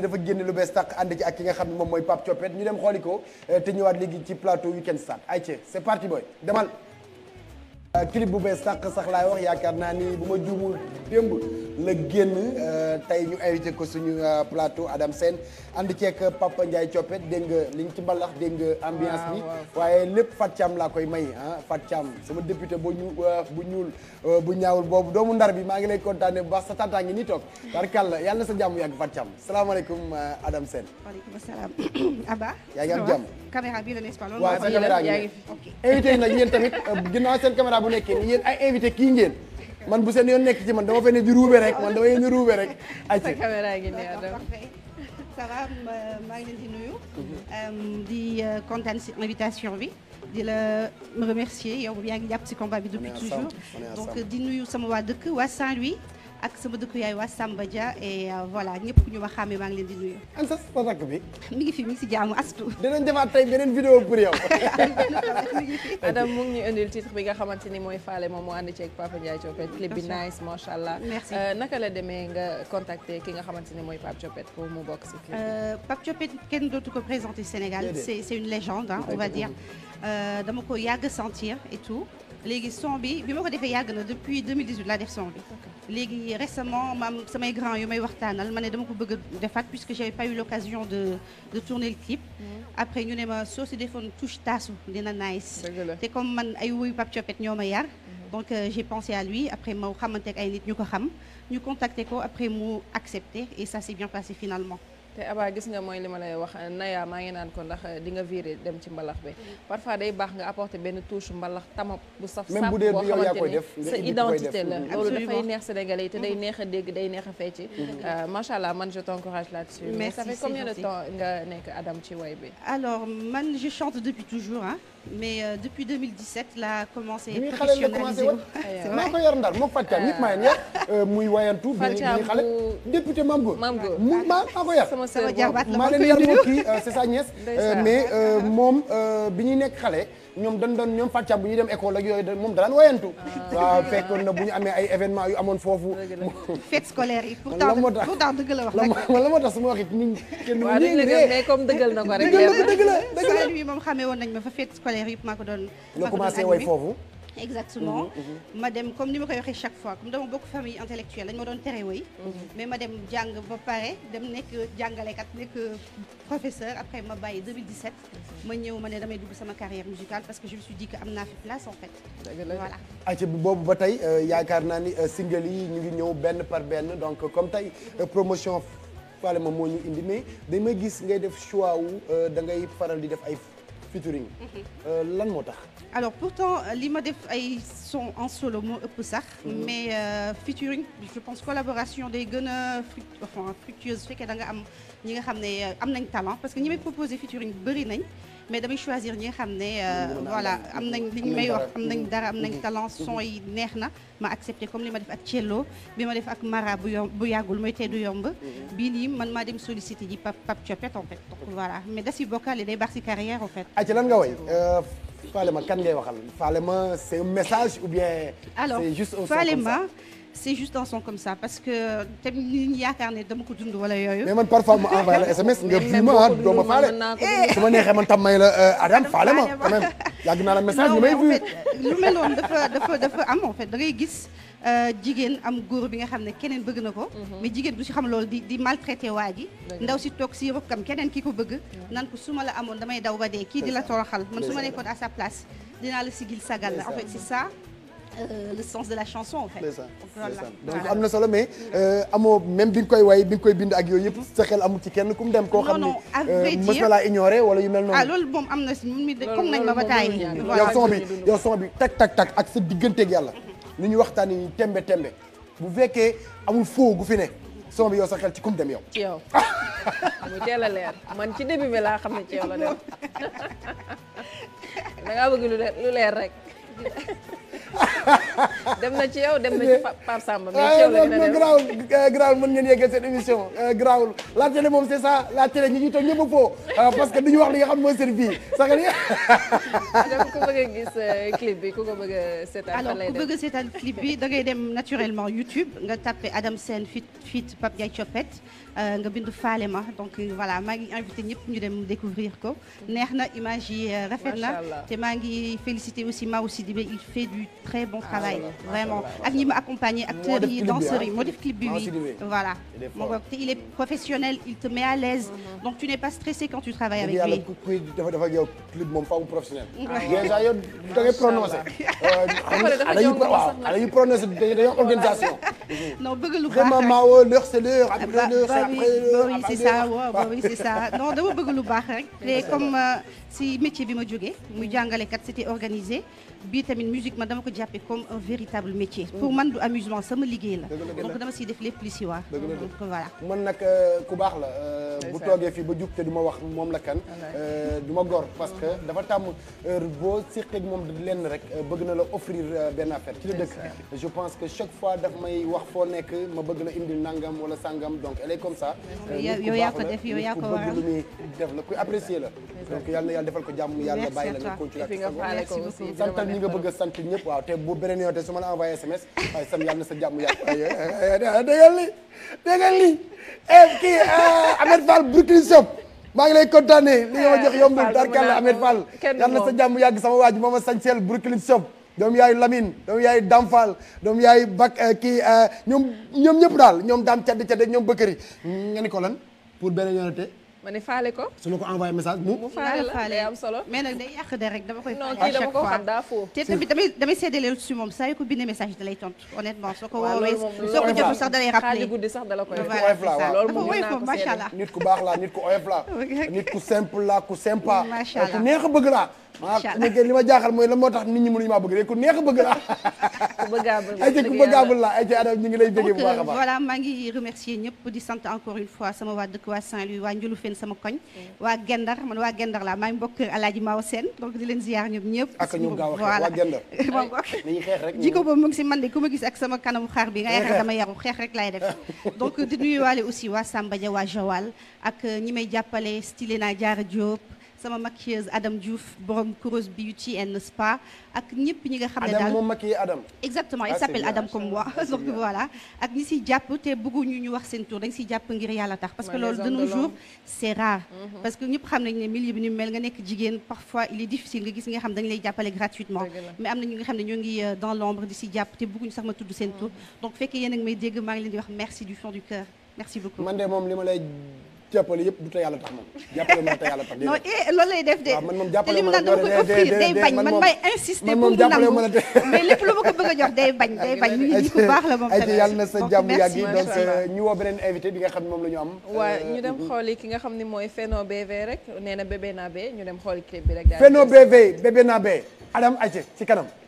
dafa génn lu bees tàq ànd ci ak ki nga xam moom mooy Pape Thiopet ñu dem xooli ko eh, te ñëwaat léegi ci plateau Weekend Start ayca c'est parti boy demal. clip bu bees sàq sax laay wax yaakaar naa ni bu ma juumul démb la génn euh, tey ñu invité ko suñu euh, plateau Adam Sène ànd ceeg Papa Ndiaye coppe dégg nga liñ ci balax dégg nga ambiance bi waaye lépp Fat Thiam laa koy may ah Fat Thiam sama député bu ñu euh, bu ñuul bu ñaawul boobu doomu ndar bi maa ngi lay kontaane bu baax sa tàntaa ngi nii toog barkàlla yàlla na sa jàmm yàgg Fat Thiam salaamaaleykum Adam Sène waaleykum salaam Abba yaa ngi am jàmm caméra bi la n'est-ce sa caméra ngi invité yi nag yéen tamit ginnaaw seen caméra bu nekkee ni yéen ay invité kii ngeen man bu seen yoon nekk ci man dama fay ne di ruube rek man dama yéen di ruube rek. ayca sa caméra gi nii Adam ça maa ngi leen di nuyu. Euh, di euh, kontaan si invitation bi. di la remercier yow yaa ngi jàpp si combat bi depuis toujours di nuyu sama waa dëkk waa Saint-Louis. ak sama dëkk yaay waa Samba Dia et euh, voilà ñëpp ku ñu ma xàmmee maa ngi leen di nuyu. an sa sa rakk bi. mi ngi fi mi ngi si jaamu astu. dinañ defaat tey beneen vidéo pour yow. Adam mu ngi ñu indil titre bi nga xamante ni mooy Fale moom moo ànd ceeg Papa Ndiaye Diopet. clip bi nice macha merci euh, naka la demee nga contacter ki nga xamante ni mooy Pape Diopet ko mu bokk si clip bi. Euh, Pape kenn dootu ko présenter Sénégal. c'est c'est une légende hein, on va dire. dama ko yàgg sentir et tout léegi son bi bi ma ko defee yàgg na depuis 2018 laa def son bi. léegi récemment maam samay grand yu may waxtaanal ma ne dama ko bëgg a defaat puisque j'avais pas eu l'occasion de tourner le clip mm. après ñu ne ma soo si defoon touche taasu dina nice te comme man ay wuyu Pape Thiopet ñoo ma yar mm-hmm. donc euh, j'ai pensé à lui après ma xamante ak ay nit ñu ko xam ñu contacté ko après mu accepté et ça s'est bien passé finalement te Aba gis nga mooy li ma lay wax Naya maa ngi naan ko ndax di nga dem ci mbalax bi mm-hmm. parfois day baax nga apporter benn touche mbalax tamab bu saf sàpp boo xamante ni sa identité la mm-hmm. loolu dafay neex sénégalais yi te day mm-hmm. neex a dégg day neex a fecci euh, macha allah man je t'encourage là-dessus mais ça fait combien de temps nga nekk Adam ci way bi alors man je chante depuis toujours ah mais euh, depuis 2017 la commencé professionnaliser euh, maa ko yar ndar moo ko Fatia ñëpp sama sœur maa leen yar moo kii euh, c'est sa nièce euh, mais euh, moom bi ñuy nekk xale ñoom dañ doon ñoom Fatia bu ñuy dem école yooyu moom daan wayantu ah. waaw fekkoon na bu ñu amee ay événement yu amoon foofu fête scolaire yi pourtant pourtant dëgg wax la moo tax su ma nit kenn waaw dañ mais comme dëggal na ko rek dëgg la dëgg moom xamee woon nañ ma fa fête scolaire yëpp maa doon la commencé way foofu exactement mhm, mhm. ma dem comme ni ma koy waxee chaque fois comme dama bokk famille intellectuelle dañ ma doon tere woy mhm. mais ma dem jàng ba pare dem nekk jàngalekat nekk professeur après ma bàyyi 2017 ma ñëw ma ne damay dugg sama carrière musicale parce que je me suis dit ki am naa fi place en fait voilà acca bi boobu ba tey euh, yaakaar naa ni euh, single yi ñu ngi ñëw benn par benn donc euh, comme tey promotion Fallé moom moo ñu indi mais dañ may gis ngay def choix wu da ngay faral di def ay featuring. Mhm. Euh, lan moo tax. alors pourtant euh, li ma def ay son en solo moo ëpp sax. Mhm. mais euh, featuring je pense collaboration day gën a fructueuse su fekkee da nga am ñi nga xam ne am nañ talent parce que ñi may proposé featuring bëri nañ. mais damay choisir ñi nga xam ne euh, voilà am nañ li ñu may wax am nañ dara am nañ mhm. talent son yi mhm. neex na ma accepté comme li ma def ak Thiello bi ma def ak Mara bu yomb bu yàggul mooy tey du yomb mhm. bii nii man maa dem sollicité ji Pape Pape Thiopet en fait voilà mais da si bokkaale day baax si carrière en fait aca lan nga woy euh, Falema kan ngay waxal Falema c'est un message ou bien c'est juste un son comme ça c'est juste un son comme ça parce que tamit ñu yaakaar ne dama ko dund wala yooyu. mais man parfois mu envoyé la SMS nga bii faale. ma neexee man tam may la euh, Adam faale ma lu mel dafa dafa am en fait da ngay gis euh, jigéen am góor bi nga xam ne keneen bëgg na ko. Mhm. mais jigéen du si xam loolu di di maltraité waa ji. ndaw si toog si rokkam keneen ki ko bëgg. nan ko su ma la amoon damay daw ba dee kii di la toroxal man su ma nekkoon à sa place dinaa la sigil sagal la Euh, le sens de la chanson en fait. donc am na solo mais euh, amoo même bi nga koy way bi nga koy bind ak yooyu yëpp sa xel amul ci kenn ku mu dem. koo xam ne euh, mës na laa ignoré wala yu mel noonu. ah loolu moom am na si ñun comme nañ ma ba taay. yow son bi yow son bi tak tak ak sa digganteeg yàlla. li ñu waxtaanee nii tembe tembe bu fekkee amul foo gu fi ne. son bi yow sa xel ci kum dem yow. ci yow mu teel a leer man ci début bi laa xam ne ci yow la dem da ngaa bëgg lu leer rek. dem na ci yow dem na ci Pape Samba. Eh, yow la gën a dem garaawul eh, garaawul mën ngeen émission eh, garaawul la télé moom c'est ça la télé ñi ñuy toog ñëpp a foo parce que duñu wax li nga xam mooy seen ku bëgg a gis clip bi ku ko bëgg a seetaan. a seetaan clip bi dangay dem naturellement YouTube nga tapé Adam Sène fit fit Pape Ndiaye Thiopet euh, nga bind faale ma donc euh, voilà maa ngi invité ñëpp ñu dem découvrir ko neex na image yi euh, rafet na te maa ngi félicité aussi Maou Sidibé il fait du très bon ah, travail vraiment ak ñi ma accompagné acteurs yi danseurs yi moo def clip bi oui voilà moo ko te il est professionnel il te met à l'aise mm-hmm. donc tu n'es pas stressé quand tu travailles avec lui kuy mm-hmm. ah, euh, ah, dafa dafa yow clip moom faaw professionnel déjà yow da ngay prononcé ala yu prononcé dañoo organisation non bëgg lu baax vraiment maa woo l'heure c'est l'heure après l'heure c'est après l'heure oui c'est ça waaw waaw oui c'est ça non dama bëgg lu baax rek te comme euh, si métier bi ma jógee muy jàngalekat c'était organisé bi tamit musique ma dama ko jàppe comme un véritable métier. pour man du amusement sama liggéey la. donc dama siy def lépp lu si wax. man nag euh, ku baax la. Euh, bu toogee fii ba jug te du ma wax moom la kan. Euh, du ma gor parce que dafa tàmm heure boo seqeeg moom lenn rek bëgg na la offrir benn affaire. ci la dëkk je pense que chaque fois daf may wax foo nekk ma bëgg na indil nangam wala sangam donc elle comme ça. yow yaa ko def yow yaa ko waral ku bëgg lu def la kuy yàlla na defal ko jàmm yàlla bàyyi la nga continuer ak sa bopp nga bëgg a sant ñëpp bu beneen yoon te su ma la envoyé SMS waaye sam yàlla na sa jàmm yàgg waaye déggal li déggal li eh, kii eh, Ahmed Fall Brooklyn Shop maa ngi lay kontaane li nga ma jox yombul tarkalla Ahmed Fall yàlla na sa jàmm yàgg sama waaj moo ma sañseel Brooklyn Shop doom yaayu Lamine doom yaayu Dame Fall doom yaayu Bak eh, kii ñoom ñoom ñëpp daal ñoom daam cadd cadd ñoom bëkkëri nga ni ko lan pour beneen yoonate ma ne faale ko. su ma ko message mu. mu faale la day am solo dama koy. faale à chaque fois non te tamit damay damay séddale su moom saa yu ko bindee message dalay honnêtement soo ko woowee soo ko jotul sax dalay rappelé xaaju guddi sax dala koy. allah nit ku baax la nit ku oyof la. nit ku simple la ku sympa. macha ku neex a bëgg la. allah li ma jaaxal mooy lan moo tax nit ñi mënuñu bëgg rek ku neex a bëgg la. ku bëgg a euh, abul a maa ngi remercier ñëpp di sant encore une fois sama waa dëkk waa Saint-Louis waa Njulufeen sama koñ mm. waa Gendar man waa Gendar laa maa ngi mbokk Alaaji Maaw di leen ziar ñoom ñëpp ak moom si man de ku ma gis ak sama kanamu xaar bi nga yaakaar dama yaru xeex rek laay def donc di nuyuwaale aussi waa Samba Dia waa Joal ak ñi may jàppale style naa Jaara Diop sama maquilleuse Adam Diouf borom Kuros Beauty and Spa ak ñëpp ñi xam ne daal exactement il ah, s'appelle Adam comme moi ak ñi siy jàpp te bëgguñu ñu wax seen tur dañ siy jàpp ngir yàlla tax parce que loolu de nos jours c'est rare mhm. parce que ñëpp xam ne milieu bi mel nga nekk jigéen parfois il est difficile nga gis nga xam dañ lay jàppale gratuitement mais am na ñu nga xam ne ñoo ngi euh, dans l'ombre di si jàpp te bëgguñu sax ma tudd seen tur mhm. donc a ngi may dégg maa ngi leen de moom li ma jàppale yëpp du te yàlla tax moom jàppale moom te yàlla tax non eh loolu lay def de man moom jàppale ma la dama koy offrir day mais lépp lu ma ko bëgg a jox day bañ day bañ nit ñi baax la moom tamit yàlla na sa jàmm yàgg yi donc euh, ñu woo beneen invité bi nga xam ne moom la ñu am waa euh, ñu dem mm-hmm. xooli ki nga xam ni mooy Feno BV rek nee na bébé naa bee ñu dem xooli clip bi rek Feno BV bébé naa bee Adam Aïté ci kanam